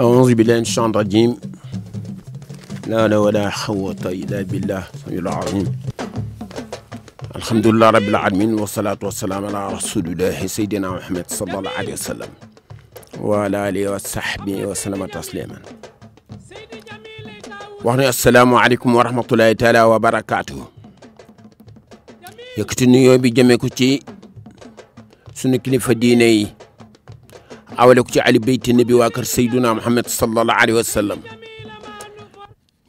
أعوذ بالله من الشيطان الرجيم لا لا ولا حوة إلا بالله السميع العظيم الحمد لله رب العالمين والصلاة والسلام على رسول الله سيدنا محمد صلى الله عليه وسلم وعلى آله وصحبه وسلم تسليما وعلى السلام عليكم ورحمة الله تعالى وبركاته يكتني يوبي جميكو سنكلف ديني awale ko ci ali beyti nabi wa kar sayyiduna muhammad sallallahu alaihi wasallam sallam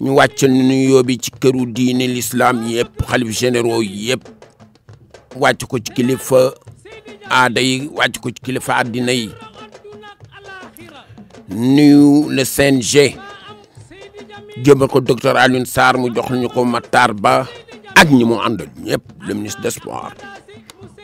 ñu wàccal ñu yobi ci këru diine l'islam yëpp xalif généraux yëpp wàcc ko ci kilifa aada yi wàcc ko ci kilifa adina yi nuyu le CNG jëmal ko docteur Alioune sar mu jox ñu ko Matar Ba ak ñi mu àndal ñëpp le ministre des sports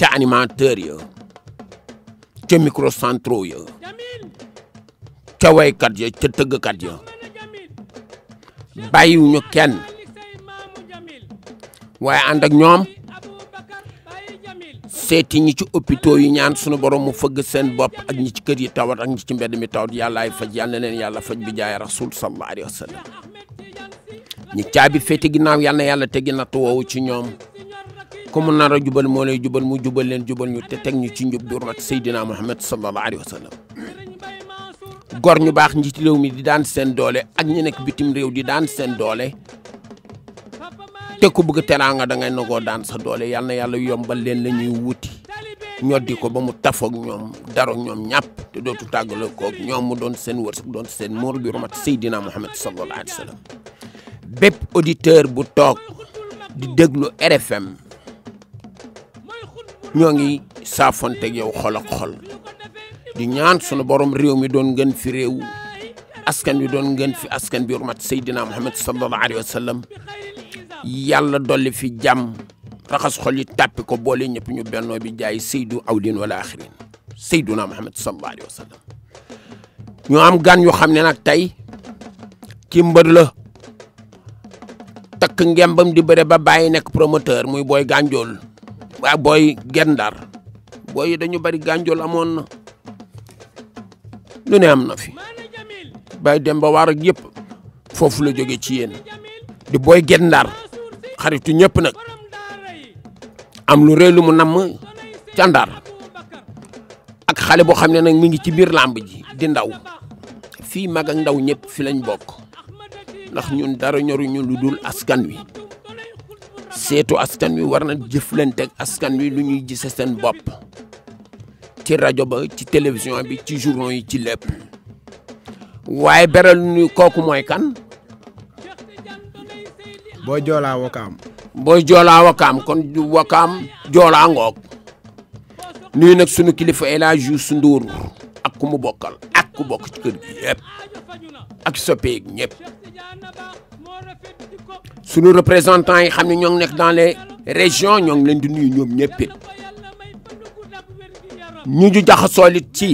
ca animateur ya ca microcentro ya ca waykat ya ca tëggkat ya bàyyiwuñu kenn waaye ànd ak ñoom seeti ñi ci hôpitaux yi ñaan sunu borom mu fëgg seen bopp ak ñi ci kër yi tawat ak ñi ci mbedd mi tawat yàllaay faj yal na leen yàlla faj bi jaay rasul sallallahu alayhi wa sallam ñi caabi féete yal na yàlla tegi natt woowu ci ñoom ku mu nar a jubal moo lay jubal mu jubal leen jubal ñu te teg ñu ci njub bi urmat Seydina Muhammad sallallahu alayhi wa gor ñu baax njiiti réew mi di daan seen doole ak ñi nekk bitim réew di daan seen doole te ku bëgg teraanga da ngay nagoo daan sa doole yal na yàlla yombal leen la ñuy wuti ñoddi ko ba mu tafoog ñoom daro ñoom ñàpp te dootu tàggaloo koog ñoom mu doon seen wërsëg doon seen muur bi urmat Seydina Muhammad sallallahu alayhi bépp auditeur bu toog déglu RFM ñoo ngi saafonteeg yow xol ak xol di ñaan sunu borom réew mi doon ngeen fi réew askan bi doon ngeen fi askan bi urmat Seydina Muhammad sallallahu alayhi wa sallam yàlla dolli fi jàmm raxas xol yi tàppi ko boole ñëpp ñu bennoo bi jaay Seydou awlin wala axirin Seydina Muhammad sallallahu alayhi wa sallam am gan yu xam ne nag tey ki mbër la takk ngembam di bëre ba bàyyi nekk promoteur muy booy gànjool wa ah, boy gendar boy dañu bari gànjol amoon na lu ne am na fi bay dem ba war ak yep fofu la joge ci di boy gendar xaritu ñep nak am lu reelu mu nam ca ak xale bo xamne nak mi ngi ci bir lamb ji di ndaw fi mag ak ndaw ñep fi lañ bok ndax ñun dara ñoru ñu luddul askan wi seetu askan wi war na jëflante ak askan wi lu ñuy gise seen bopp ci rajo ba ci télévision bi ci journaux yi ci lépp waaye beral ñu kooku mooy kan. booy joolaa wakaam. booy joolaa wakaam kon wakaam joolaa ngoog nuyu nag sunu kilifa El Hadj Youssou ak ku mu bokkal ak ku bokk ci kër gi yëpp ak soppeeg ñëpp. suñu représentants yi xam ne ñoo ngi nekk dans région régions ñoo ngi leen di ñoom ñëpp ñu ju jaxasoo it ci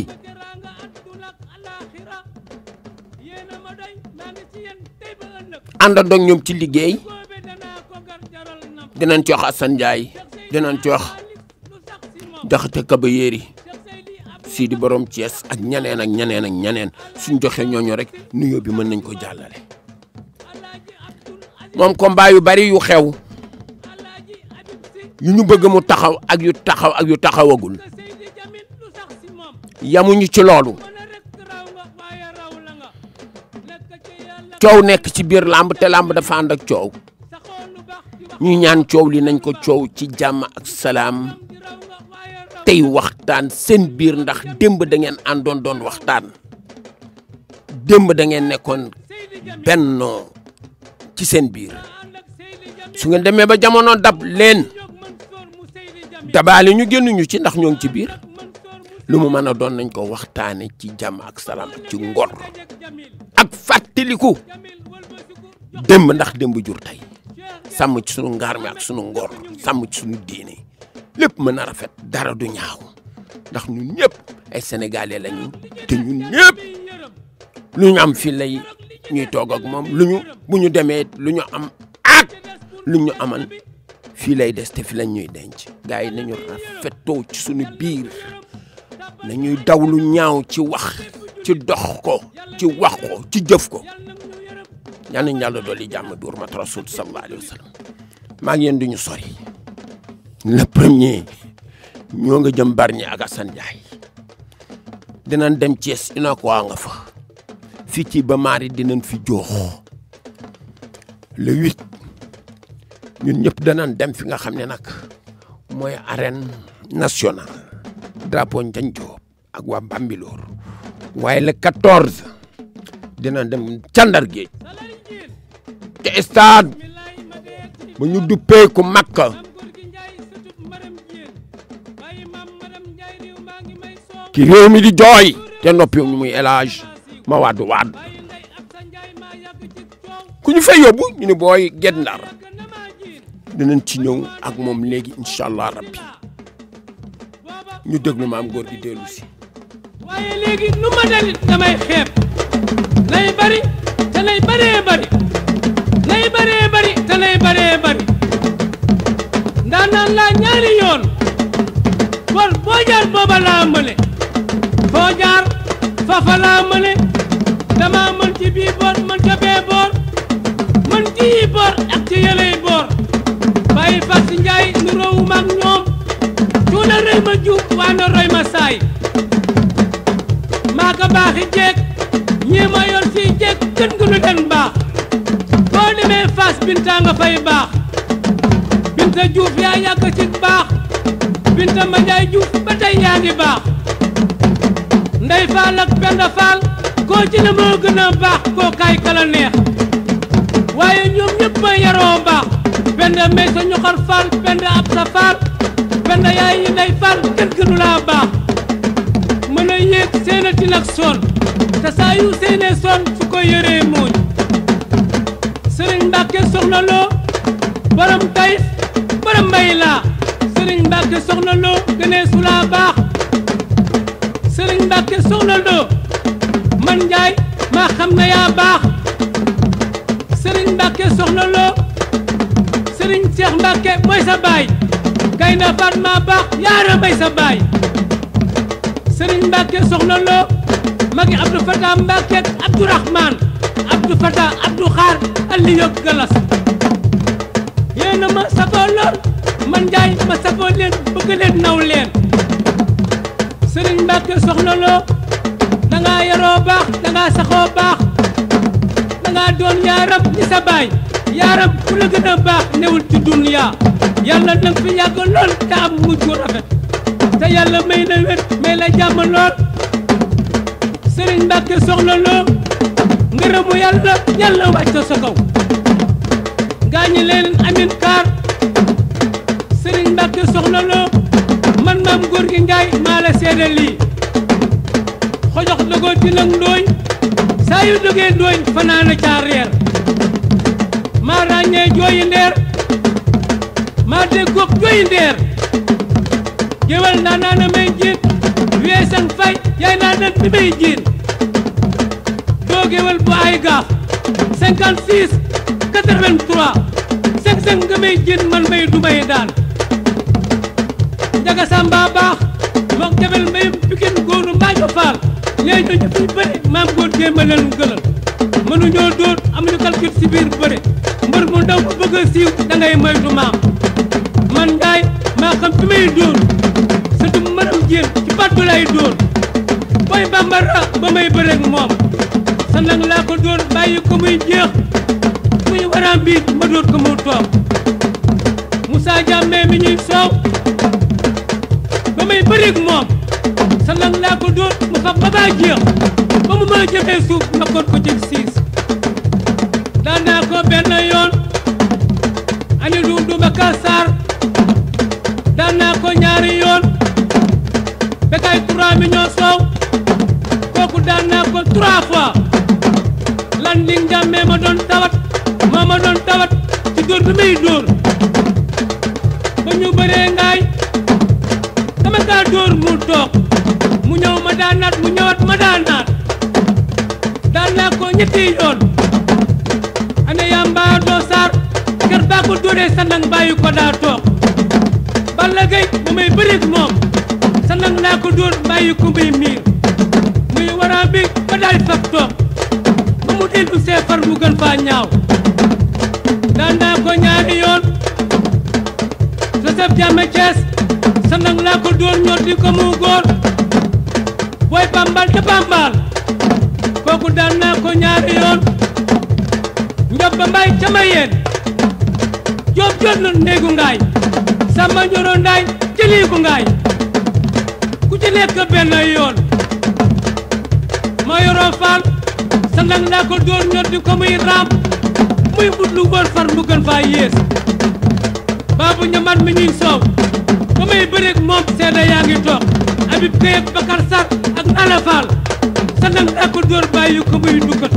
àndandoo ñoom ci liggéey dinañ ci wax Assane Ndiaye dinañ ci wax Jaxate Kaba Yéeri Sidi Borom Thiès ak ñaneen ak ñaneen ak ñaneen suñ joxe ñooñu rek nuyoo bi mën nañ ko jàllale. moom combat yu bari yu xew yu ñu bëgg mu taxaw ak yu taxaw ak yu taxawagul yamuñu ci loolu coow nekk ci biir làmb te làmb dafa ànd ak coow ñu ñaan coow li nañ ko coow ci jàmm ak salaam tey waxtaan seen biir ndax démb dangeen ngeen àndoon doon waxtaan démb dangeen nekkoon bennoo ci seen biir su ngeen demee ba jamono dab leen dabaale ñu génnuñu ci ndax ñoo ngi ci biir lu mu mën a doon nañ ko waxtaane ci jàmm ak salaam ci ngor ak fàttaliku démb ndax démb jur tey sàmm ci sunu ngaar ak sunu ngor sàmm ci sunu diine lépp mën a rafet dara du ñaaw ndax ñu ñëpp ay sénégalais lañu te ñun ñëpp lu ñu am fii lay ñuy toog ak moom lu ñu bu ñu demee lu ñu am ak lu ñu aman fii lay des te fi lañ ñuy denc. gars yi nañu rafetoo ci suñu biir nañuy daw lu ñaaw ci wax ci dox ko ci wax ko ci jëf ko yal nañu yàlla dolli jàmm bi urmat rasul sallallahu alayhi wa sallam maa ngi yéen du ñu sori le premier ñoo nga jëm Bargny ak Assane Ndiaye dinañ dem Thiès ina ko nga fa. si ci ba maari dinañ fi joox le huit ñun ñëpp danañ dem fi nga xam ne nag mooy arène nationale drapeau Ndiagne Diop ak waa Bambilor waaye le quatorze dinañ dem ca Ndar Géej te stade ñu duppee ku Makka ki réew mi di jooy te noppi ñu muy élage ma waadu waadu ku ñu fay yóbbu ñu ne booy Guet Ndar dinañ ci ñëw ak moom léegi incha allah rabbi ñu déglu maam góor gi dellu si. waaye léegi nu ma dalit damay xeeb lay bari te lay bari lay baree bari te lay baree bari ndaanaan laa ñaari yoon kon boo jaar booba laa mëne foo jaar fafa laa mëne dama mën ci bii boor mën ca bee boor mën ci yi ci yëley boor bàyyi Fass Njaay nu roowu ñoom cuuna rëy ma juub waa na ma saay maa ko baaxi jeeg ñii ma yor si jeeg gën gu den baax boo demee Fass Binta nga fay baax Binta Juuf yaa yàgg ci baax Binta Mandiaye Juuf ba tey yaa ngi baax Ndey Faal Penda Faal koo ci ne moo a baax koo kaay kala neex waaye ñoom ñëpp a yaroo mbaax benn may sa ñoxor faal benn ab sa faal benn yaay yi nday faal kenn gënu baax mën a yéeg seenati nag soon te saa yu soon su ko yëree mooñ sëriñ Mbàkke soxna loo borom tayis borom mbay laa sëriñ Mbàkke soxna loo gënee su baax sëriñ Mbàkke soxna loo man Njaay maa xam na yaa baax Serigne Mbacke soxna loo Serigne Cheikh mooy sa baay Gaynde Fatma baax yaara may sa baay Serigne Mbacke soxna loo magi Abdou Fatah Mbacke Abdou Rahman Abdou Fatah Abdou Xaar Aliou Galas yéen a ma safoo lool man Njaay ma safoo leen bëgg leen naw leen da ngaa yaroo baax da ngaa saxoo baax da ngaa doon yaaram ñi sa baay yaaram ku la gën a baax newul ci duniya yàlla na fi yàgg lool te am mujj wu rafet te yàlla may la wér may la jàmm lool sëriñ Mbàkke soxla loo ngërëmu yàlla yàlla wàcc sa kaw gaa amin kaar sëriñ Mbàkke soxla man maam góor gi ngaay maa la seedal lii xojox dogoo tilak ndooy saa yu dogee ndooy fanaana caa reer maa ràññee jooyi ndeer maa déggoog jooyi ndeer géwal ndaa naana may jiin weesan fay yaay naa dat bi may jiin doo géwal bu ay gaaf 56 83 seng-seng nga may jiin man may du may daan njaga samba baax mook jabel mayum pikin góoru mbaajo faal ñooy ñu ñëpp ñu bëri maam góor démb leen gëlal mënuñoo dóor a calcul si biir bëre mbër mu ndaw ku bëgg a siiw da ngay moytu maam man Ndiaye maa xam fi may dóor surtout mu mën jéem ci battu lay dóor booy bambara ba may bëreeg moom sa nang laa ko dóor bàyyi ko muy jeex muy waraam biit ma dóor ko mu toog Moussa Diame mi ñuy soow ba may bëreeg moom sa nang laa ko dóor. ba ba ba jeex ba mu mën a jëfee suuf takkoon ko jëg siis daan naa yoon ani du duma ka saar daan ñaari yoon bekay 3 millions soow kooku daan naa lan li njàmmee ma doon tawat moo ma doon tawat ci dóor bi muy dóor ba ñu bëree ngaay dama kaa dóor mu toog mu ñëw ma daan naat mu ñëwaat ma daan naat daan naa ko ñetti yoon a yaa mbaa doo saar ker baa ko dóoree sanang bàyyi ko daa toog Balla Gaye ba may bëreeg moom sanang naa ko dóor bàyyi ko muy miir muy waraan bi ba daal faf toog ba mu dellu see far mu gën faa ñaaw daan naa ko ñaari yoon Joseph Diame sanang naa ko dóor ñoor di ko booy bambal te bambal kooku daan naa ko ñaari yoon njob ba mbay ca mayeen joob jot na ndéegu ngaay samba njoro ndaay ci liigu ngaay ku ci nekk benn yoon ma yoroo faal sa ko dóor ñot di ko muy raam muy but lu woon far mu gën faa yées baabu ñamat mi ñuy soow ba may bëreeg moom seeda yaa ngi toog Habib Gueye Bakar Sarr ana faal sa nan ako dóor ko muy duggat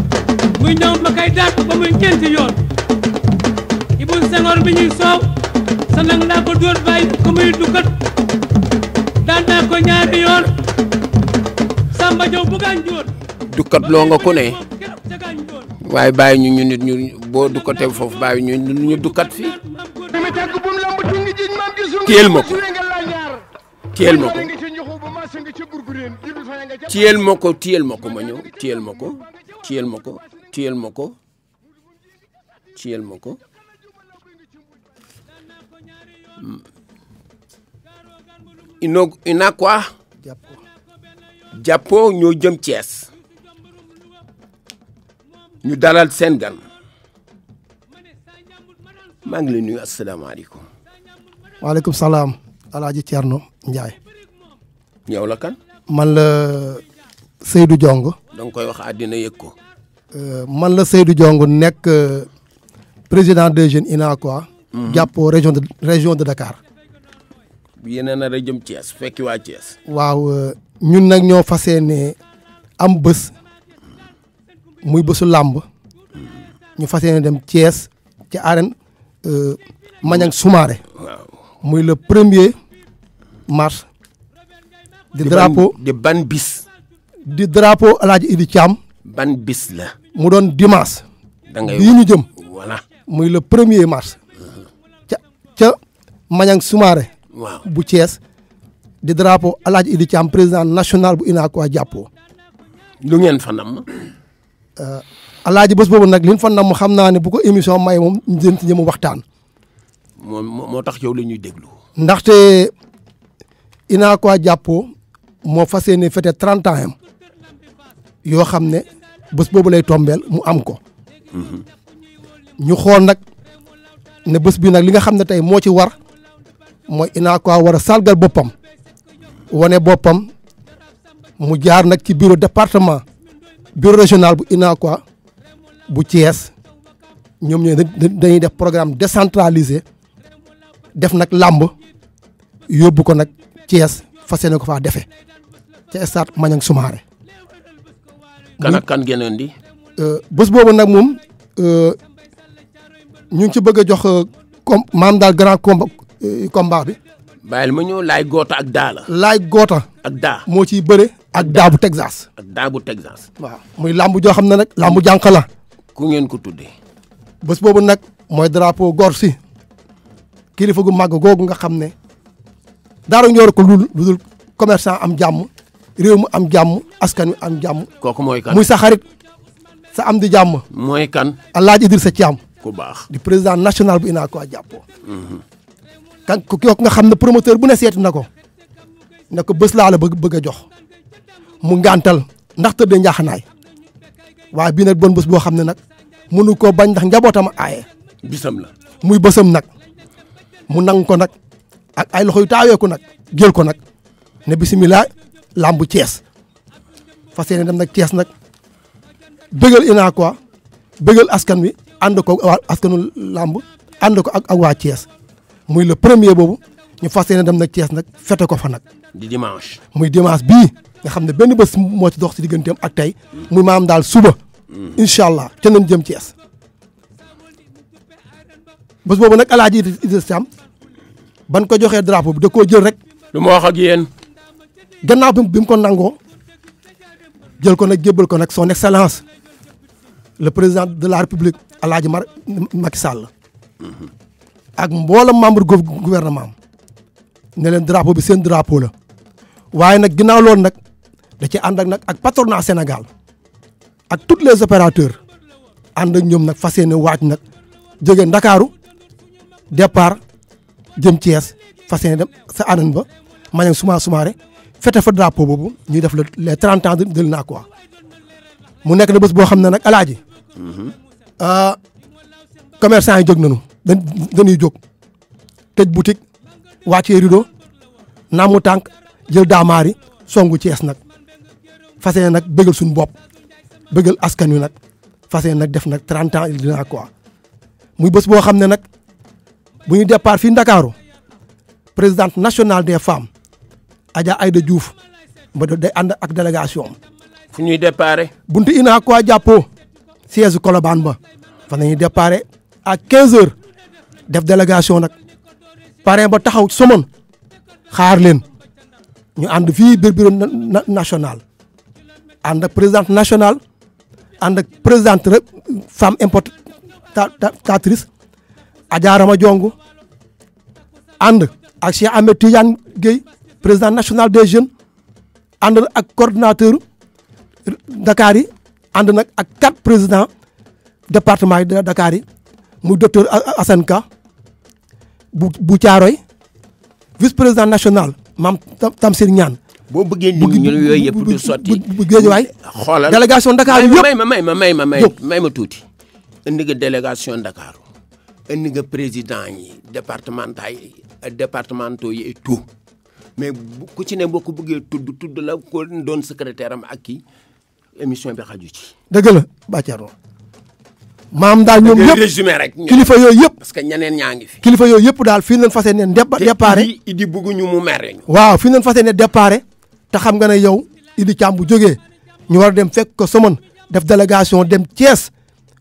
muy ñëw ma kay daat ba muy ñeenti yoon Ibou Senghor mi ñuy soow sa nan naa ko dóor ko muy duggat daan naa yoon Samba Diaw bu gaan joon dukkat loo nga ku waaye bàyyi ñu ñu nit ñu boo dukkatee foofu bàyyi ñu ñu dukkat fii téel ma ko téel ma ko téyel ma ko téyel ma ko ma ñëw téyel ma ko téyel ma ko téyel ma ko hmm. jàppoo ñoo jëm Thiès ñu dalal seen gan maa ngi lay nuyu asalaamaaleykum waaleykum salaam alaaji Thierno Ndiaye yow la man la Seydou Diong. da koy wax àddina yëg ko. Euh, man la Seydou Diong nekk euh, président des jeunes UNACOIS. Mhm. jàppoo région de région de Dakar. yéen a nar a jëm Thiès fekki waa Thiès. waaw euh, ñun nag ñoo fas yéene am bës muy bësu làmb ñu fas yéene dem Thiès ci arène Maniang Soumaré. muy le premier mars. di drapeau di ban bis di drapeau alaaji Idi cham ban bis la mu don dimanche da ngay yi ñu jëm voilà muy le premier mars ca ca Mañang Soumaré waaw bu ties di drapeau alaaji Idi cham président national bu UNACOIS jàppoo lu ngeen fa nam euh, alaaji bëss bobu nak liñ fa nam xamna ni bu ko émission may mom ñu jëm ci ñëmu waxtaan mo tax yow la déglu ndaxte UNACOIS jàppoo moo fas yéene fête 30 ans yoo xam ne bës boobu lay tombeel mu am ko. ñu xool nag ne bës bi nag li nga xam ne tey moo ci war mooy UNACOIS war a sargal boppam wane boppam mu jaar nag ci bureau département bureau régional bu UNACOIS bu Thiès ñoom ñooy dañuy def programme décentralisé def nag làmb yóbbu ko nag Thiès fas yéene ko faa defe ca stade Maniang Soumaré. kan ak kan ngeen di. Euh, boobu nag moom euh, ñu ngi ci bëgg a jox euh, com maam daal grand combat combat bi. bàyyil ma ñëw laay goota ak daa la. goota. ak daa moo ciy bëre. ak daa bu Texas. ak daa bu Texas. muy làmb joo xam ne nag làmb jànq la. ku ngeen ko tuddee. bés boobu nag mooy drapo gor si kilifa gu màgg googu nga xam ne daara ñor ko lu dul commerçant am jàmm. réew mu am jàmm askan wi am jàmm. kooku mooy kan muy saxarit sa am di jàmm. mooy kan. Alaaji Idrissa Thiam. ku baax di président national bu Unacois Jappo. Mhm. kan ku ko nga xam ne promoteur bu ne seeti na ko ne ko bés laa bëgg bëgg a jox mu ngàntal ndax tëdd njaaxanaay waaye bii nag bon bés boo xam ne nag mënu koo bañ ndax njabootam aaye. bisam la muy bésam nag mu nang ko nag ak ay loxo yu ko nag jël ko nag ne bisimilah. làmbu Thiès fas yéene dem nag Thiès nag bëggal ina quoi bëggal askan wi ànd ko askanu làmb ànd ko ak ak waa Thiès muy le premier boobu ñu fas yéene dem nag cees nag fete ko fa nag. di dimanche. muy dimanche bii nga xam ne benn bés moo ci dox si digganteem ak tey muy maam daal suba. Mm-hmm. incha allah ca nañ jëm Thiès. bés boobu nag El Hadj Idriss ban ko joxee drapeau bi da koo jël rek. lu ma wax ak yéen. gannaaw bi bi mu ko nangoo jël ko nag jébbal ko nag son excellence le président de la république Alaaji Mar Macky ak mboolem membre gouvernement am ne leen drapeau bi seen drapeau la waaye nag ginnaaw loolu nag da ci ànd ak nag ak patronat Sénégal ak tous les opérateurs ànd ak ñoom nag fas yéene waaj nag jóge Ndakaaru départ jëm Thiès fas yéene dem sa anan ba ma ne Souma Soumaré fête fa drapeau boobu ñuy def les 30 ans de l'UNACOIS mu nekk na bés boo xam ne nag alaaji mm-hmm. euh, commerçant yi jóg nañu dañuy jóg tëj boutique wàccee rideau naamu tànk jël daamaari songu Cees nag fas nag bëggal suñu bopp bëggal askan wi nag fas nag def nag 30 ans l'UNACOIS muy bés boo xam ne nag bu ñu départ fii Ndakaaru présidente nationale des femmes Adja Aïda Diouf ba day ànd ak délégation am. fu ñuy déparé. buntu Ina quoi jàppoo siège Colobane ba fa nañuy déparé à 15h def délégation nag parrain ba taxaw somon xaar leen ñu ànd fii biir bureau national ànd ak présidente nationale ànd ak présidente femme Jongu ànd ak Cheikh Ahmed Tidiane Gueye président national des jeunes and ak coordonnateur Dakar yi ànd nag ak quatre présidents département yi Dakar yi muy docteur Assane Ka bu bu Thiaroy vice président national maam Tamsir Niane. bo bëggee lim ñun yooyu yëpp du soti bu way xoolal délégation Dakar yëpp may ma may ma may ma may ma tuuti. indi nga délégation Dakar indi nga président yi département, yi départementaux yi et tout. mais ku ci ne boo ko bëggee tudd tudd la ko doon secrétaire am ak kii émission bi xaju ci. dëgg la Bacaro maam daal ñoom yëpp résumé rek kilifa yooyu yëpp parce que ñeneen ñaa ngi fi kilifa yooyu yëpp daal fii leen fas yéene déparé idi bëgguñu mu mere ñu waaw fii leen fas ne déparé te xam nga ne yow idi càmm bu jógee ñu war a dem fekk ko somon def délégation dem Thiès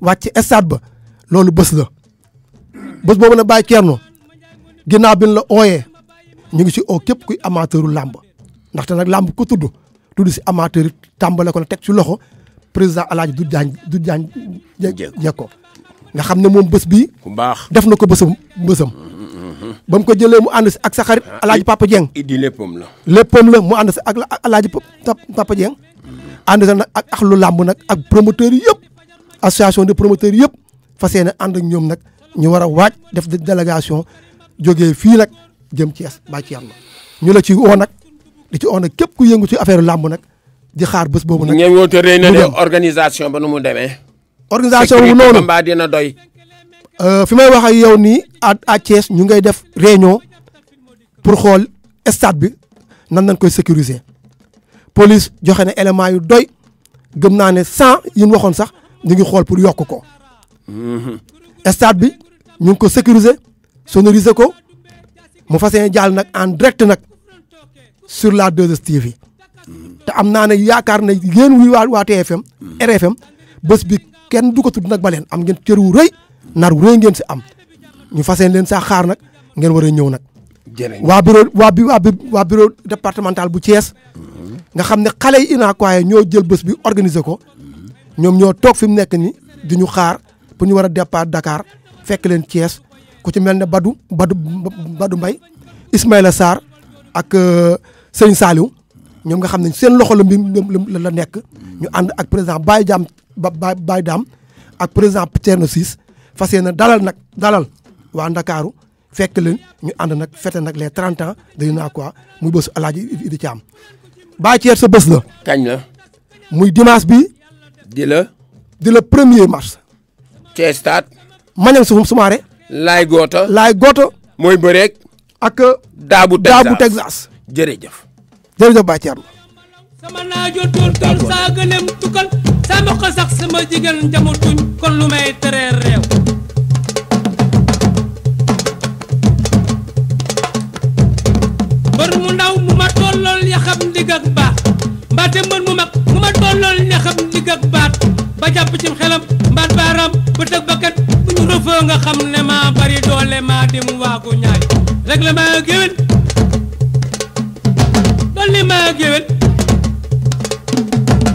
wàcc stade ba loolu bés la bés boobu nag bàyyi Thierno ginnaaw bi ñu la ooyee ñu ngi si oo képp kuy amateuru làmb ndaxte nag làmb ko tudd tudd si amateur yi tàmbale ko na teg ci loxo président alaaji du jaañ du jaañ jekko nga xam ne moom bés bii ku def na ko bésam bésam bam mu ko jëlee mu ànd si ak sa xarit alaaji ah, papa Dieng idi léppam la léppam la mu ànd si ak alaaji papa Dieng ànd nag ak ak làmb nag ak promoteurs yi yëpp association de promoteurs yëpp fas yéene ànd ak ñoom nag ñu war a waaj def délégation jógee fii nag jëm Thiès bàyyi ci yàlla ñu la ci woo nag di ci woo nag képp ku yëngu ci affaire làmb nag di xaar bés boobu nag ñoom ñoo te rëy organisation ba nu mu demee organisation bu noonu mbaa dina doy euh, fi may wax ak yow nii à à ñu ngay def réunion pour xool stade bi nan nañ koy sécuriser police joxe na élément yu doy gëm naa ne cent yi ñu waxoon sax ñu ngi xool pour yokk ko mhm. stade bi ñu ngi ko sécuriser sonorisé ko mu fas yéene jàll nag en direct nag sur la 2STV te am naa ne yaakaar na yéen wuy waa waa TFM RFM bës bi kenn du ko tudd nag ba leen am ngeen cër wu rëy nar wu ngeen si am ñu fas yéene leen saa xaar nag ngeen war a ñëw nag. waa bureau waa bi waa bi waa bu Thiès nga xam ne xale yi inaakwaaye ñoo jël bës bi organiser ko ñoom ñoo toog fi mu nekk ni di xaar pour ñu war a départ dakaar fekk leen Thiès ku ci mel ne Badou Badou Badou Mbaye Ismaïla Sarr ak euh, sëñ Saliou ñoom nga xam ne seen loxo la mbir la nekk ñu ànd ak président Baye Daam Baye Daam ak président Thierno Ciss fas na dalal nag dalal waa Ndakaaru fekk leen ñu ànd nag fete nag les 30 ans de UNACOIS muy bésu El Hadj Idi Thiam. Baye Thierno sa bés la. kañ la. muy dimanche bi. di la. di la premier mars. Thiès stade. Maniang Soumaré laay gooto laay gooto mooy bëreeg ak daabu Texas daabu Texas jërëjëf jërëjëf Baye Thierno sama naajo tuur tool saa gëneem tukkal sama ko sama jigéen jamu tuñ kon lu may teree réew mu ndaw mu ma tollool ya xam baat mbaate mbër mu mag mu ma tollool ya xam baat ba jàpp xelam mbaat baaram ba tëg il faut nga xam ne maa bari doole maa dem waagu ñaay rek la maa géwél dolli maa géwél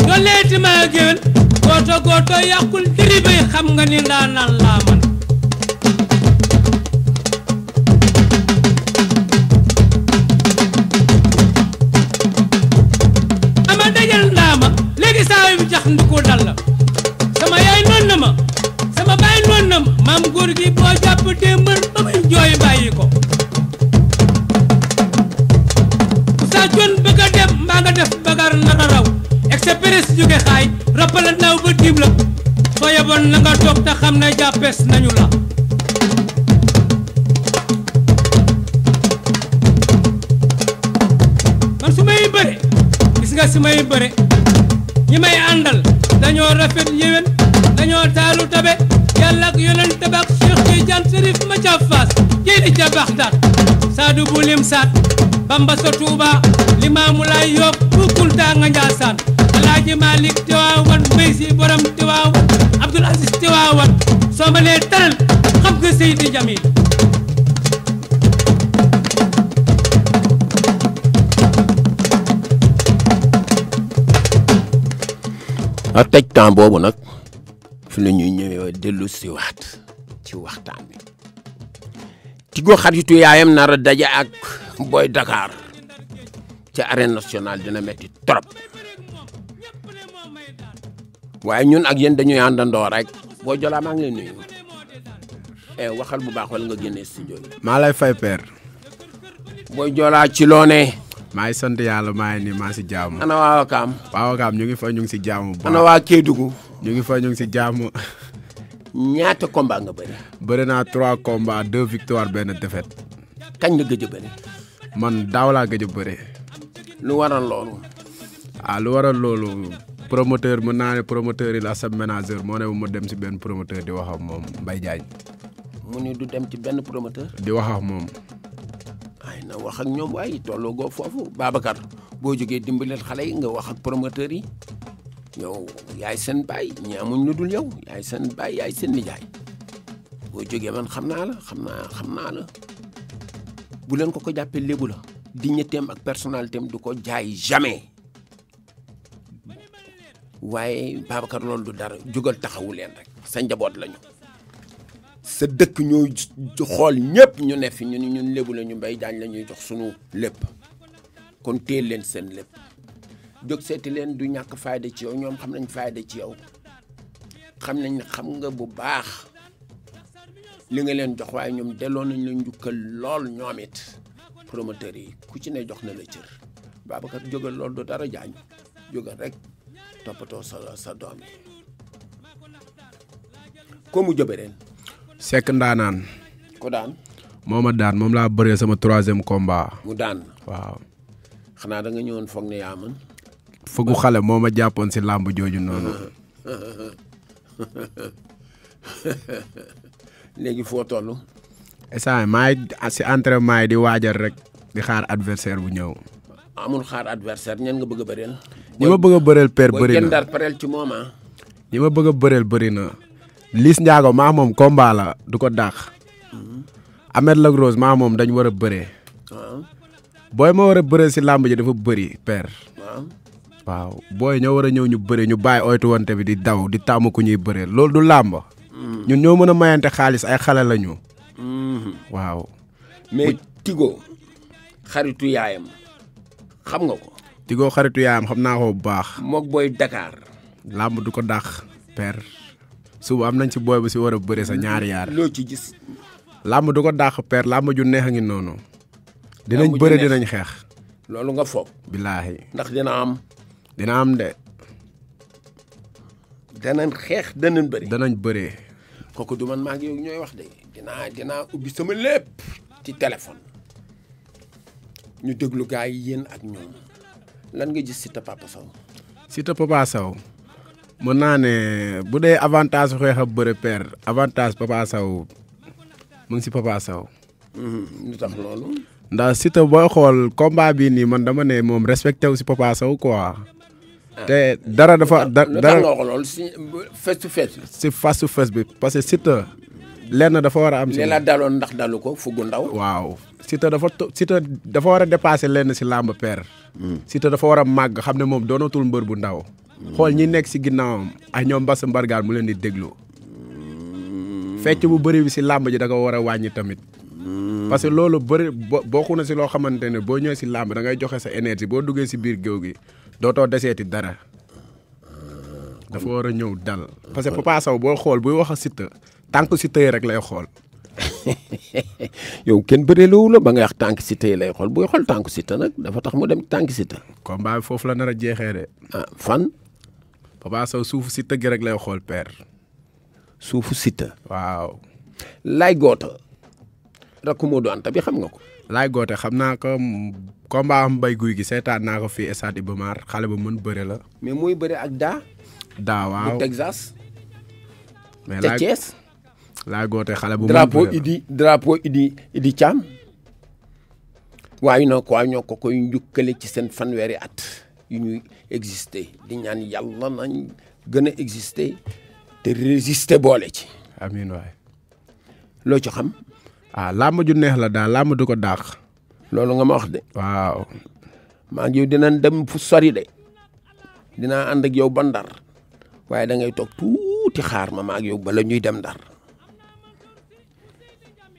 dolleeti maa géwél gooto gooto yàqul diri bay xam nga ni ndaanaan laa man fees nañu man su may bëre gis nga su bëre ñi may àndal dañoo rafet yéwén dañoo taalu tabe yàlla ak yonent tabak Cheikh Tidiane Serif ma ca Faas jéeri ca Baxdaad saadu bu lim saat bamba sa lay yóbbu soo a tej temps boobu nag fi la ñuy ñëwee dellu si waat ci waxtaan bi Tigo xaritu yaayam nar a daje ak Boy Dakar ci arène nationale dina metti trop waaye ñun ak yéen dañuy àndandoo rek bo jola ma ngi nuyu nuyu eh, waxal bu baax wala nga genné studio yi. maa lay fay père. bo jola ci loné maa ngi sant yalla maa ngi nii maa si jaamu. ana kam wa wa kam ñu ngi fa ñu ngi si jaamu. ana waa Kédougou. ñu ngi fa ñu ngi ci jamm ñaata combat nga bari bari na 3 combat 2 victoires ben défaite. kañ nga gëjë bari man daaw gëjë bari lu waral lolu ah lu waral lolu promoteur mën naa ne promoteur yi la sa manager moo ne ma dem si benn promoteur di wax ak moom Mbaye Diagne. mu ni du dem ci benn promoteur. di wax ak moom. ay na wax ak ñoom waaye tolloo goo foofu Babacar boo jógee dimbaleel xale yi nga wax ak promoteur yi yow yaay seen baay ñi amuñ lu dul yow yaay seen baay yaay seen nijaay boo jógee man xam naa la xam naa xam naa la bu leen ko ko jàppee lébu la di dignitéem ak personnalitéem du ko jaay jamais. waaye Babacar loolu du dara jógal taxawu leen rek sa njaboot lañu sa dëkk ñoo xool ñëpp ñu ne fi ñu ni ñun lébu la ñu mbay jaañ lañuy ñuy jox sunu lépp kon téel leen seen lépp jóg seeti leen du ñàkk fayda ci yow ñoom xam nañ fayda ci yow xam nañ ne xam nga bu baax li nga leen jox waaye ñoom delloo nañ la njukkal lool ñoom it promoteurs yi ku ci ne jox na la cër Babacar jógal lool du dara jaañ jógal rek toppatoo sa sa doom ko mu jobereen sekk ndaanaan ko daan moom a daan moom laa bëree sama troisième combat mu daan waaw xanaa da ñëwoon foog ne yaa man xale moom ma jàppoon si làmb jooju noonu léegi foo toll instant maa ngi si entraînement yi di waajal rek di xaar adversaire bu ñëw amul xaar adversaire ñen nga bëgg a bëreel. ñi ma bëgg a bëreel père bëri na booy ci ñi ma bëgg a bëreel bëri na. Liss Ndiago combat la du ko dàq. amel lak Rose ma mom dañ wara bëré boy ma wara bëré ci si ji dafa bëri père. waaw boy ñoo wara ñew ñu bëré ñu bay oytu wante bi di daw di tamu ku ñuy bëré lool du lamb mm. ñun ñoo mëna mayante xaaliss ay xale lañu mm-hmm. waaw. mais Tigo xaritu yaayam. xam nga ko. Tigo xaritu yaayam xam naa ko bu baax. mook booy Dakar. làmb du ko dàq. per suba am nañ ci booy bu si wara a bëre sa ñaar yaar. loo ci gis. làmb du ko dàq per làmb ju neex a ngi noonu. dinañ bëre dinañ xeex. loolu nga foog. billaahi. ndax dina am. dina am de. danañ xeex danañ bëri. danañ bëree. kooku du man maa ngi yow ñooy wax de dinaa dinaa ubbi sama lépp ci téléphone. ñu déglu gars yi yéen ak ñoom lan nga gis Siteu Papa Sow. Siteu Papa Sow mën naa ne bu dee avantage xeex ak bëre père avantage Papa Sow mu ngi si Papa Sow. Hmm, tax loolu. ndax Siteu booy xool combat bii nii man dama ne moom respecté wu si Papa Sow quoi. Ah. te dara dafa da dara si face to face. bi parce que Siteu lenn dafa war a am. si la daloon ndax dalu ko fuggu ndaw. waaw Siteu dafa Siteu dafa war a dépasser lenn si làmb per hmm. Siteu dafa war a màgg xam ne moom doonatul mbër bu ndaw. Hmm. xool ñi nekk si ginnaawam ak ñoom mbas Mbargaan mu leen di déglu. Hmm. fecc bu bëri bi si làmb ji da ko war a wàññi tamit. parce que loolu bëri bokku na si loo xamante ne boo ñëwee si làmb dangay joxe sa énergie boo duggee si biir géew gi dootoo deseeti dara. dafa war a ñëw dal. parce que Papa Sow boo xool buy wax a Siteu tànk Siteu rek lay xool. yow ken bëree loolu ba nga wax tank Siteu yi lay xool booy xool tànk Siteu nak dafa tax mu dem tànk Siteu. combat fofu la nara jexé dé ah fan. Papa so soufu Siteu gi rek lay xol père. suufu Siteu. waaw. Laay Goota. rakk do Anta bi xam nga ko. lay Goota xam naa ko combat am bay guuy gi seetaan na ko fi estade ibomar Mar ba mën beure la. mais moy beure ak da da waaw Texas. mais Laay laa goote xale bu drapeau Idi drapeau Idi Idi Thiam. waaye nag waaye ñoo ko koy njukkale ci seen fanweeri at yu ñuy exister di ñaan yàlla nañ gën a exister te résister boole ci. amiin waay. loo ci xam. ah làmb ju neex la daal làmb du ko daax. loolu nga ma wax de. waaw. maa yow dina dem fu sori de dinaa ànd yow ba waaye dangay toog tuuti xaar ma maa ak yow bala ñuy dem ndar.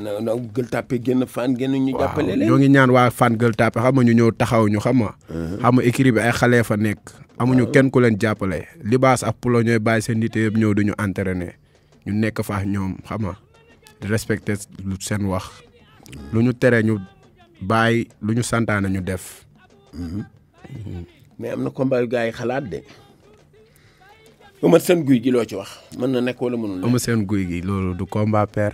na Gueule Tapée génn Fann génn ñu jàppale leen ñoo ngi ñaan waa Fann Gueule Tapée xam nga ñu ñëw taxaw ñu xam nga uh-huh. xam bi ay xale fa nekk amuñu kenn ku leen jàppale libaas ak pulo ñooy bàyyi seen nit yëpp ñëw duñu entraîné ñu nekk faax ñoom xam nga respecté lu seen wax lu ñu tere ñu bàyyi lu ñu santaane ñu def uh-huh. mais am na combat yu yi xalaat de Eumeu Sène guy gi loo ci wax mën na nekk wala guy gi loolu du combat père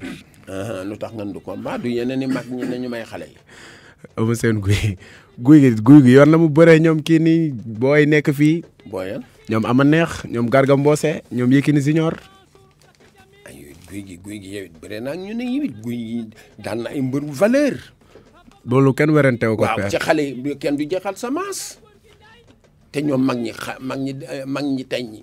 lu tax ngan du combat du yeneen i mag ñi nañu may xale yi. Eumeu guy guy gi guy yoon na mu bëree ñoom kii nii booy nekk fii. booyal ñoom ama neex ñoom Garga Mbossé ñoom Yékini Junior. ay guy gi guy gi yow it bëree ñu ne yow it guy daan na ay mbër valeur. loolu kenn werante wu ko. waaw ci xale kenn du jeexal sa maas. te ñoom mag ñi xa mag ñi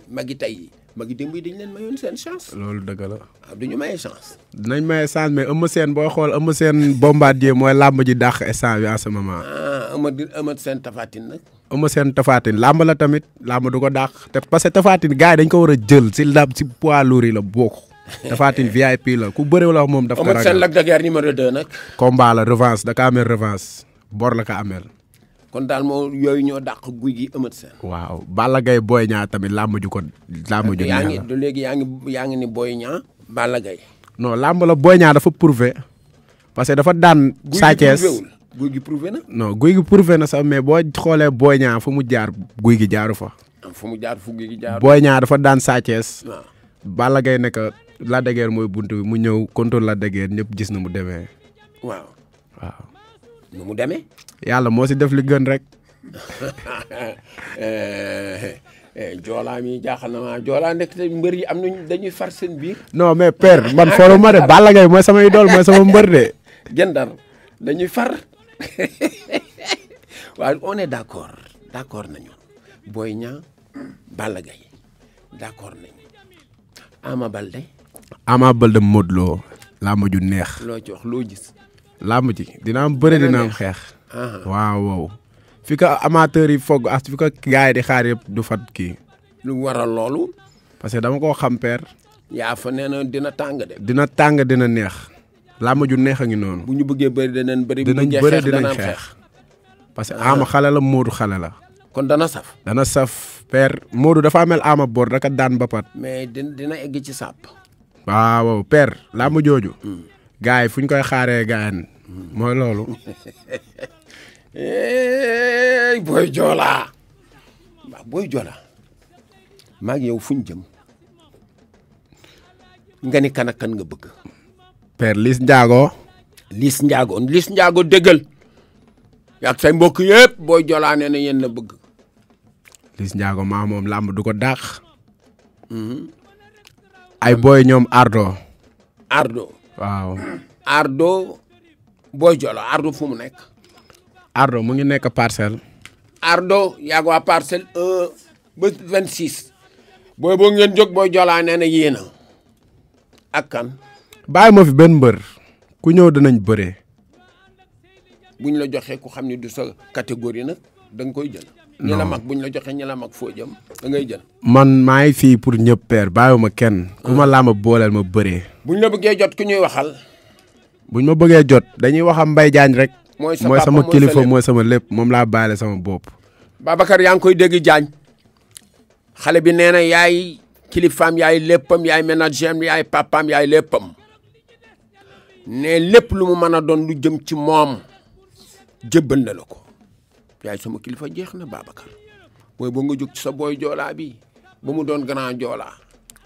mag ñi tey magi démb yi dañ leen mayoon seen chance. loolu dëgg la. waaw ah, du ñu maye chance. dinañ maye chance mais Eumeu Sène booy xool Eumeu Sène bombardier mooy làmb ji dàq instant bi en ce moment. ah Eumeu Eumeu Sène Tafatine nag. Eumeu Sène Tafatine tamit làmb ko dàq te parce que Tafatine gars dañ ko war a jël si làmb si poids lourd yi la bokk. Tafatine VIP la ku bëre la moom. daf ko ragal Eumeu Sène Lac de Guiers numéro 2 nag. combat la revanche da ka amee revanche bor la ka ameel. kon daal moo yooyu ñoo dàq guy gi ëmët seen. waaw Balla Gaye Boy Niang tamit làmb ju ko làmb ju. yaa ngi léegi yaa ngi yaa ngi ni Boy Niang Balla Gaye. non làmb la Boy Niang dafa prouvé parce que dafa daan. Sa Thiès guy gi prouvé na. non guy gi prouvé na sax mais boo xoolee Boy Niang fu mu jaar guy gi jaaru fa. fu mu jaar fu guy gi jaar. Boy Niang dafa daan Sa Thiès. waaw Balla Gaye nekk Lac de Guiers mooy bunt bi mu ñëw contrôle Lac de ñëpp gis na mu demee. waaw waaw. nu mu demee. yàlla moo si def li gën rek. Eh, eh, joolaa mi jaaxal na maa joolaa nekk te mbër yi am nañu dañuy far seen biir. non mais père man foolu ma de Balla Gaye mooy sama idole mooy sama mbër de. gendar dañuy far waaye on est d' accord accord nañu booy Niang Balla Gaye d' accord nañu Ama Balde. Ama Balde Modou Lo laa mujj neex. loo ci wax loo gis. làmb ji dina am bëre dina am xeex. waaw wow. fi ko amateur yi foog as fi ko gars yi di xaar yëpp du fat kii. lu waral loolu. parce que dama koo xam père. yaa fa nee dina tàng de. dina tàng dina neex. làmb ju neex a ngi noonu. bu ñu bëggee bëri danañ bëri. bu ñu xeex xeex parce que Ama xale la Modou xale la. kon dana saf. dana saf dafa amel Ama bor daka daan ba pat. mais dina egg ci sàpp. waaw père làmb jooju. Hmm. gars yi fu ñu koy xaaree gaayan mooy loolu. booy joolaa waaw booy joolaa maa ngi yow fu ñu jëm nga ni kan ak kan nga bëgg. père Liss Ndiago. Liss Ndiago Liss Ndiago déggal yaa say mbokk yëpp booy joolaa nee na bëgg. Liss Ndiago làmb du ko dàq. Mhm. ay booy ñoom Ardo. waaw Ardo Boy Jolo Ardo fu mu nekk. Ardo mu ngi nekk parcelle. Ardo yàgg waa parcelle un ba vingt six. booy boo ngeen jóg Boy Jolaa nee na yéen a ak kan. bàyyi fi benn mbër ku ñëw danañ bëree. buñ la joxee ku xam ne du sa catégorie nag da koy jël. ñi la mag buñ la joxe ñi la mag foo jëm ngay jël man maa ngi fii pour ñëpp père bàyyiwuma kenn ku ma ah. laa ma booleel ma bëree buñ la bëggee jot ku ñuy waxal buñ ma bëggee jot dañuy waxam Mbaye rek mooy sama kilifa mooy sama lépp moom laa baale sama bopp Babacar yaa ngi koy dégg Diagne xale bi nee na yaay kilifaam yaay léppam yaay ménager am yaay papaam yaay léppam ne lépp lu mu mën a doon lu jëm ci moom jébbal na la ko yaay ma kilifa jeex na Babacar booy ba nga jóg sa booy joolaa bi ba mu doon grand joola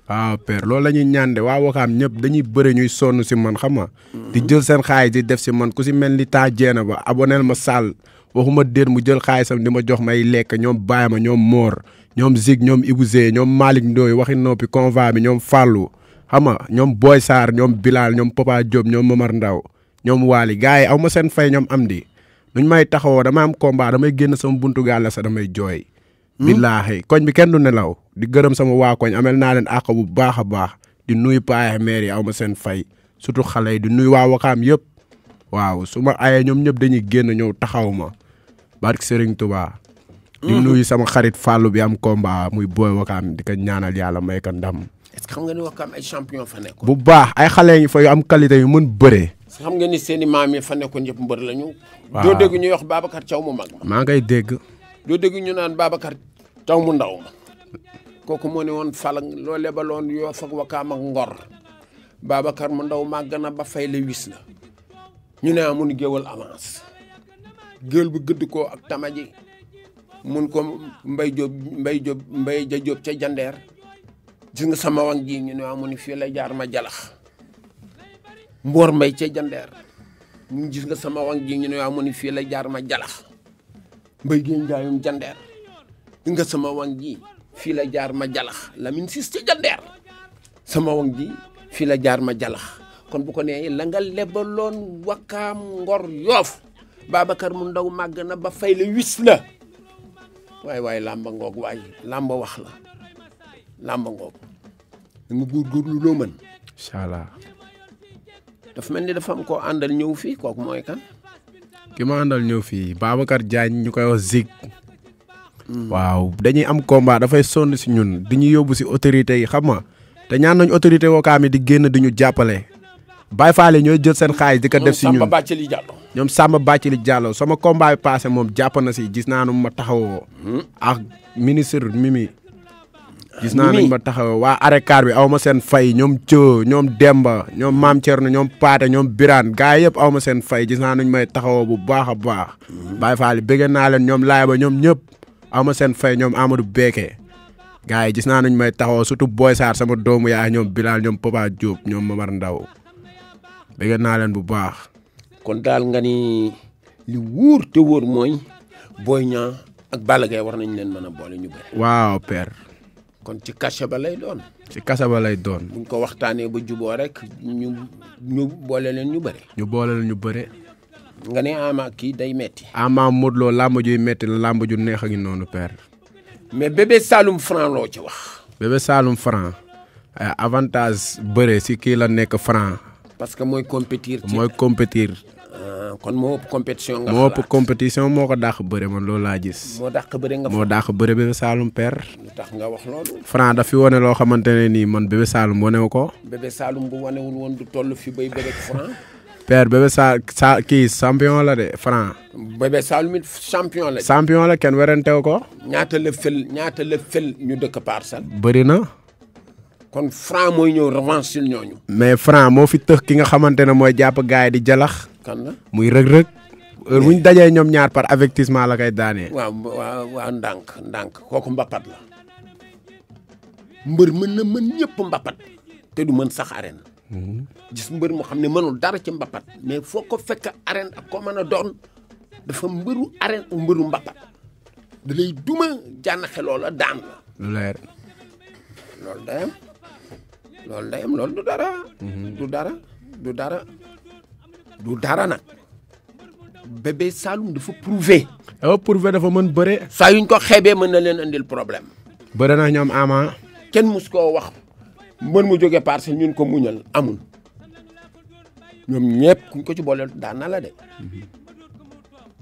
ah père loolu la ñuy ñaan de waa Wakaam ñëpp dañuy bëri ñuy sonn si man xam nga. di jël seen xaalis di def si man ku si mel ni taa jeena ba aboneel ma Sall waxuma déet mu jël xaalisam di ma jox may lekk ñoom bàyyi ma ñoom moor ñoom Zig ñoom Ibou Zé ñoom Malick Ndoye waxi noppi conva bi ñoom Fallou xam nga ñoom booy saar ñoom Bilal ñoom Papa Diop ñoom Momar Ndaw ñoom Waly yi aw ma seen fay ñoom am di nuñ may taxawoo dama am kombaa damay génn sama buntu gaale sa damay jooy. Hmm? billaahi koñ bi kenn du nelaw di gërëm sama waa koñ amel naa leen àq bu baax a baax di nuyu paaye maire yi aw ma seen fay surtout xale yi di nuyu waa Wakaam yëpp waaw su ma ayee ñoom ñëpp dañuy génn ñëw taxaw ma barke Serigne Touba. di hmm. nuyu sama xarit Fallou bi am combat muy booy Wakaam di ko ñaanal yàlla may ko ndam. xam nga ni Wakaam ay champion fa nekk. bu baax ay xale yi fa yu am qualité yu mën bëree. xam nga ni seeni maam yi fa nekkoon yëpp mbër lañu. waaw doo dégg wax Babacar Thiaw mu mag ma. maa ngay dégg. doo dégg ñu naan Babacar Thiaw mu ndaw ma kooku moo ne woon falang loo lebaloon yoo fag wakaam ak ngor Babacar mu ndaw màgg na ba fay la wis la ñu ne amun géwal avance géwal bu gëdd koo ak tamaji mun ko mbay job mbay job mbay ja job ca jandeer gis sama wang ji ñu ne amun fii la jaar ma jalax mbor mbay ci jander ñu gis nga sama wang gi ñu ñu waaw fi la jaar ma jalax mbay gi ñayum jander nga sama wang ji fi la jaar ma jalax sis ci jander sama wang ji fi la jaar ma jalax kon bu ko nee la nga lebalon wakam ngor yof babakar mu ndaw màgg na ba fay la wis la way way lamba ngok way lamba wax la lamba gor gor lu lo man inshallah dafa mel ni dafa ko àndal ñëw fii kooku mooy kan. ki ma àndal ñëw fii Babacar Diagne ñu koy wax Zig. Hmm. waaw dañuy am combat dafay sonn si ñun di ñu yóbbu si autorité yi xam nga te ñaan nañ autorité wookaam yi di génn di ñu jàppale. Baye Fall ñoo jël seen xaalis di ko def si ñun ñoom Samba Bathily Diallo. ñoom Samba Bathily Diallo sama combat bi passé moom jàpp na si gis naa nu ma taxawoo. Hmm. ak ministre Mimi gis naa nañ ma taxaw waa ar arekaar bi aw ma seen fay ñoom Thio ñoom Demba ñoom Maam Thierno ñoom Paate ñoom biraan gars yëpp aw ma seen fay gis naa nañ may taxawoo bu baax a baax. Mhm. Baye Fall bëgg naa leen ñoom laay ba ñoom ñëpp aw ma seen fay ñoom Amadou Beke. gars yi gis naa nañ may taxawoo surtout Boy saar sama doomu yaay ñoom Bilal ñoom Papa Diop ñoom Mamar Ndaw bëgg naa leen bu baax. kon daal nga ni li wóor te wóor mooy Boy Niang ak Balla Gaye war nañ leen ma a boole ñu bëri. kon ci kasa ba lay doon. ci kasa ba lay doon. buñ ko waxtaanee ba juboo rek ñu ñu boole leen ñu bëre. ñu boole leen ñu bëre. nga ne Ama kii day metti Ama Modou Lo làmb juy metti la làmb ju neex a ngi noonu père. mais bébé Saloum franc loo ci wax. bébé Saloum franc euh, avantage bëre si kii la nekk franc. parce que mooy compétir. mooy compétir kon moo ëpp compétition. nga moo compétition moo ko dàq bëre man loolu laa gis. moo dàq bëre nga moo dàq bëre Bébé saalum per lu tax nga wax loolu. Franc fi wane loo xamante ne nii man Bébé Saloum wane wu ko. Bébé Saloum bu wanewul woon du tollu fi bay bëre Franc. père Bébé Sa sa kii champion la de Franc. Bébé Saloum it champion la. la kenn werenteew ko. ñaata la fël ñaata la fël ñu dëkk parcelle. bëri na. kon franc moy ñew revanche sil ñooñu. mais franc mo fi tëx ki nga xamantene moy japp gaay di jalax. kan la muy reug reug heure buñ dajé ñom ñaar par avertissement la kay daané wa wa wa ndank ndank koku mbapat la mbeur mën na mën ñëpp mbapat té du mën sax arène. Mhm. gis mbeur mo xamné ne mënul dara ci mbapat. mais foko ko fekk arène ak ko mën doon dafa mbeuru arène ak mbapat dalay duma jànnaxe daan lu leer loolu day am loolu du dara. Mhm. du dara du dara du dara nag. bébé Saloum dafa prouvé. veux ah, prouvé dafa mën bëre. saa yuñ ko C'est mën na leen indil problème. bëre na ñoom ama kenn dire. wax mën mu jógee parce ñun ko muñal amul ñoom ñëpp kuñ ko ci je daan na la de. Mhm.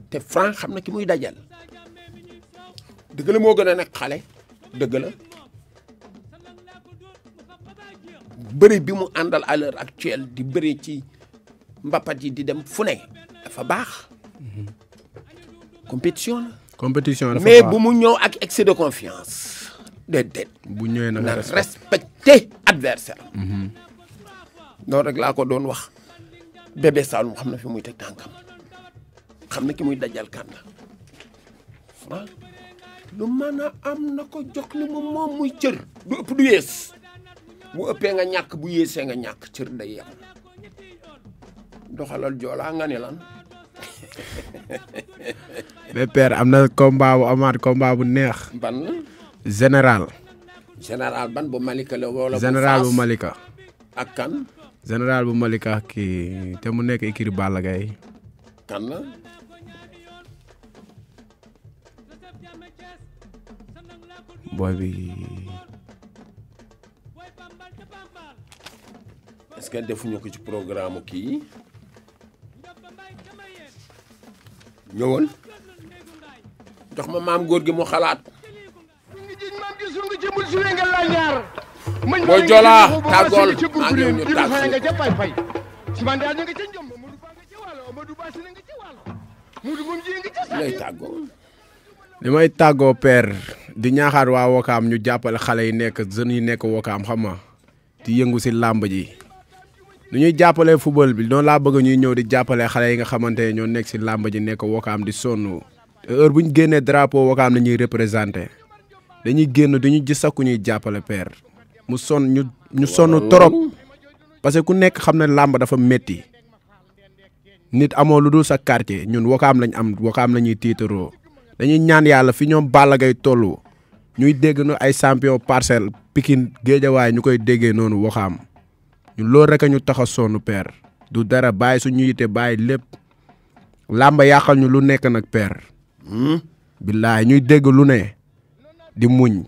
te Franc xam ki muy dajal. dëgg la moo gën a nekk la. bëri bi mu àndal à l'heure actuelle di bëri ci mbapat yi di dem fu ne dafa baax. compétition la. compétition dafa mais bu mu ñëw ak excès de confiance. déedéet. bu ñëwee na nga respecté adversaire mhm. loolu rek laa ko doon wax. bébé Saloum xam na fi muy teg tànkam xam na ki muy dajal kan lu mën a am na ko jox li mu moom muy cër. du ëpp du yees. bu ëppee nga ñàkk bu yéesee nga ñàkk cër day yem doxalal joolaa nga ne lan. am na combat bu amaat combat bu neex. ban la. général. général ban bu Malika la wala. bu Malika. ak kan. général bu Malika kii te mu nekk écurie Balla kan la. booy est-ce que defuñu ko ci programme kii ñëwal jox ma maam góor gi mu xalaat. mooy Jola tàggool maa ngi ñu tàggoo. li may tàggoo père di ñaaxaat waa Wakaam ñu jàppale xale yi nekk jeunes yi nekk Wakaam xam di yëngu si làmb ji nu ñuy jàppale football bi noonu laa bëgg ñuy ñëw di jàppale xale yi nga xamante ne ñoo nekk si làmb ji nekk Wakaam di sonnu heure bu ñu génnee drapeau Wakaam ñuy représenté dañuy génn du ñu gis ñuy jàppale père mu sonn ñu ñu sonn trop parce que ku nekk xam ne làmb dafa métti nit amoo lu dul sa quartier ñun Wakaam lañ am Wakaam la ñuy tiitaroo dañuy ñaan yàlla fi ñoom Balla Gaye tollu ñuy dégg nu ay champion parcelle pikin Géejawaay ñu koy déggee noonu waxaam ñun loolu rek ñu tax a sonn père du dara bàyyi suñu yite bàyyi lépp làmba yàqal ñu lu nekk nag père. Hmm? billaay ñuy dégg lu ne di muñ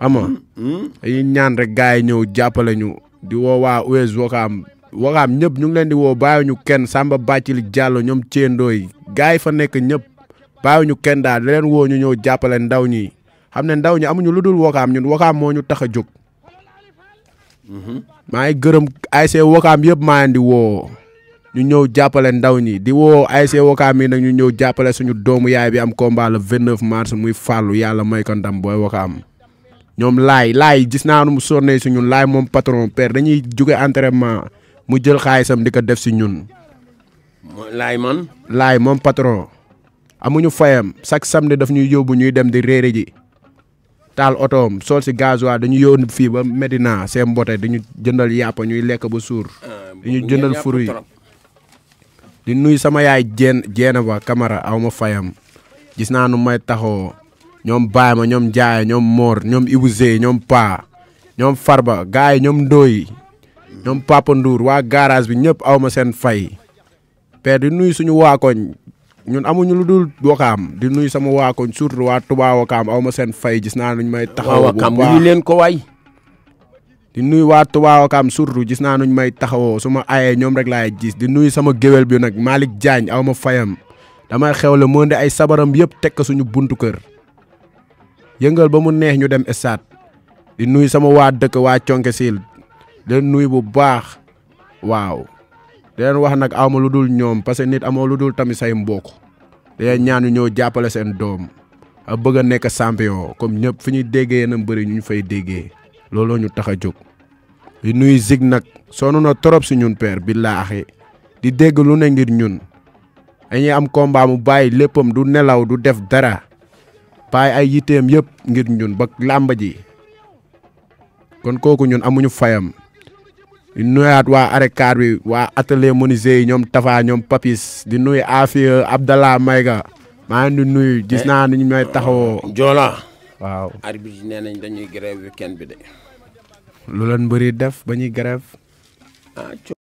xam nga hmm? dañuy ñaan rek gars yi ñëw jàppale ñu di woo waa US Wakaam ñëpp ñu ngi leen di woo bàyyi ñu kenn Samba Bàccili Diallo ñoom Thiendoo yi gars yi fa nekk ñëpp. ñu kenn daal di woo ñu ñëw jàppale ndaw ñi xam ne ndaw ñi amuñu lu dul wakaam ñun wakaam moo ñu tax a jóg. Mhm. maa ngi gërëm ASC wokaam yëpp maa leen di woo ñu ñëw jàppale ndaw ñi di woo ASC wokaam yi nag ñu ñëw jàppale suñu doomu yaay bi am combat le 29 mars muy fàllu yàlla may ko ndam booy wakaam. ñoom laay laay gis naa nu mu sonné si ñun laay moom patron per dañuy jóge entraînement mu jël xaalisam di ko def si ñun. laay man. laay moom patron. amuñu fayam chaque samedi daf ñuy yóbbu ñuy dem di réere ji taal otoom sol si gasoil dañu yónni fii ba Medina seen mbote dañu jëndal yàpp ñuy lekk ba suur ah, dañu jëndal furu yi di nuy sama yaay jeen jeena ba Camara aw fayam gis naa nu may taxoo ñoom baay ma ñoom jaay ñoom moor ñoom Ibou Zey ñoom paa ñoom farba gars yi ñoom ndooyi ñoom Papa waa garage bi ñëpp aw ma seen fay père di nuy suñu waakoñ ñun amuñu lu dul wakaam di nuyu sama waa koñ surtout waa Touba wakaam aw seen fay gis naa nuñ may taxawoo bu baax ñu leen ko waay di nuyu waa Touba wakaam surtout gis naa nuñ may taxawoo su ma ayee ñoom rek laay gis di nuyu sama géwél bi nag Malick jaañ aw ma fayam damay xewle moo ndi ay sabaram yëpp teg ko suñu buntu kër yëngal ba mu neex ñu dem stade di nuyu sama waa dëkk waa Conke Sil leen nuyu bu baax waaw di leen wax nag awma lu dul ñoom parce que nit amoo lu dul tamit say mbokk di leen ñaan ñu jàppale seen doom a bëgg a nekk champion comme ñëpp fi ñuy déggee na bëri ñu ñu fay déggee looloo ñu tax a jóg. di nuy zig nag sonn na trop si ñun père billaahi di dégg lu ne ngir ñun dañuy am combat mu bàyyi léppam du nelaw du def dara bàyyi ay yiteem yëpp ngir ñun ba làmb ji kon kooku ñun amuñu fayam. di nuyaat waa arekaar bi waa atelier menuisier yi ñoom Tafa ñoom Papis di nuyu Afia Abdallah Mayga maa ngi di nuyu gis eh. naa ni ñu may taxawoo. Oh, Joola. waaw arbitre nee nañ dañuy grève weekend bi de. lu leen def ba ñuy grève. Ah,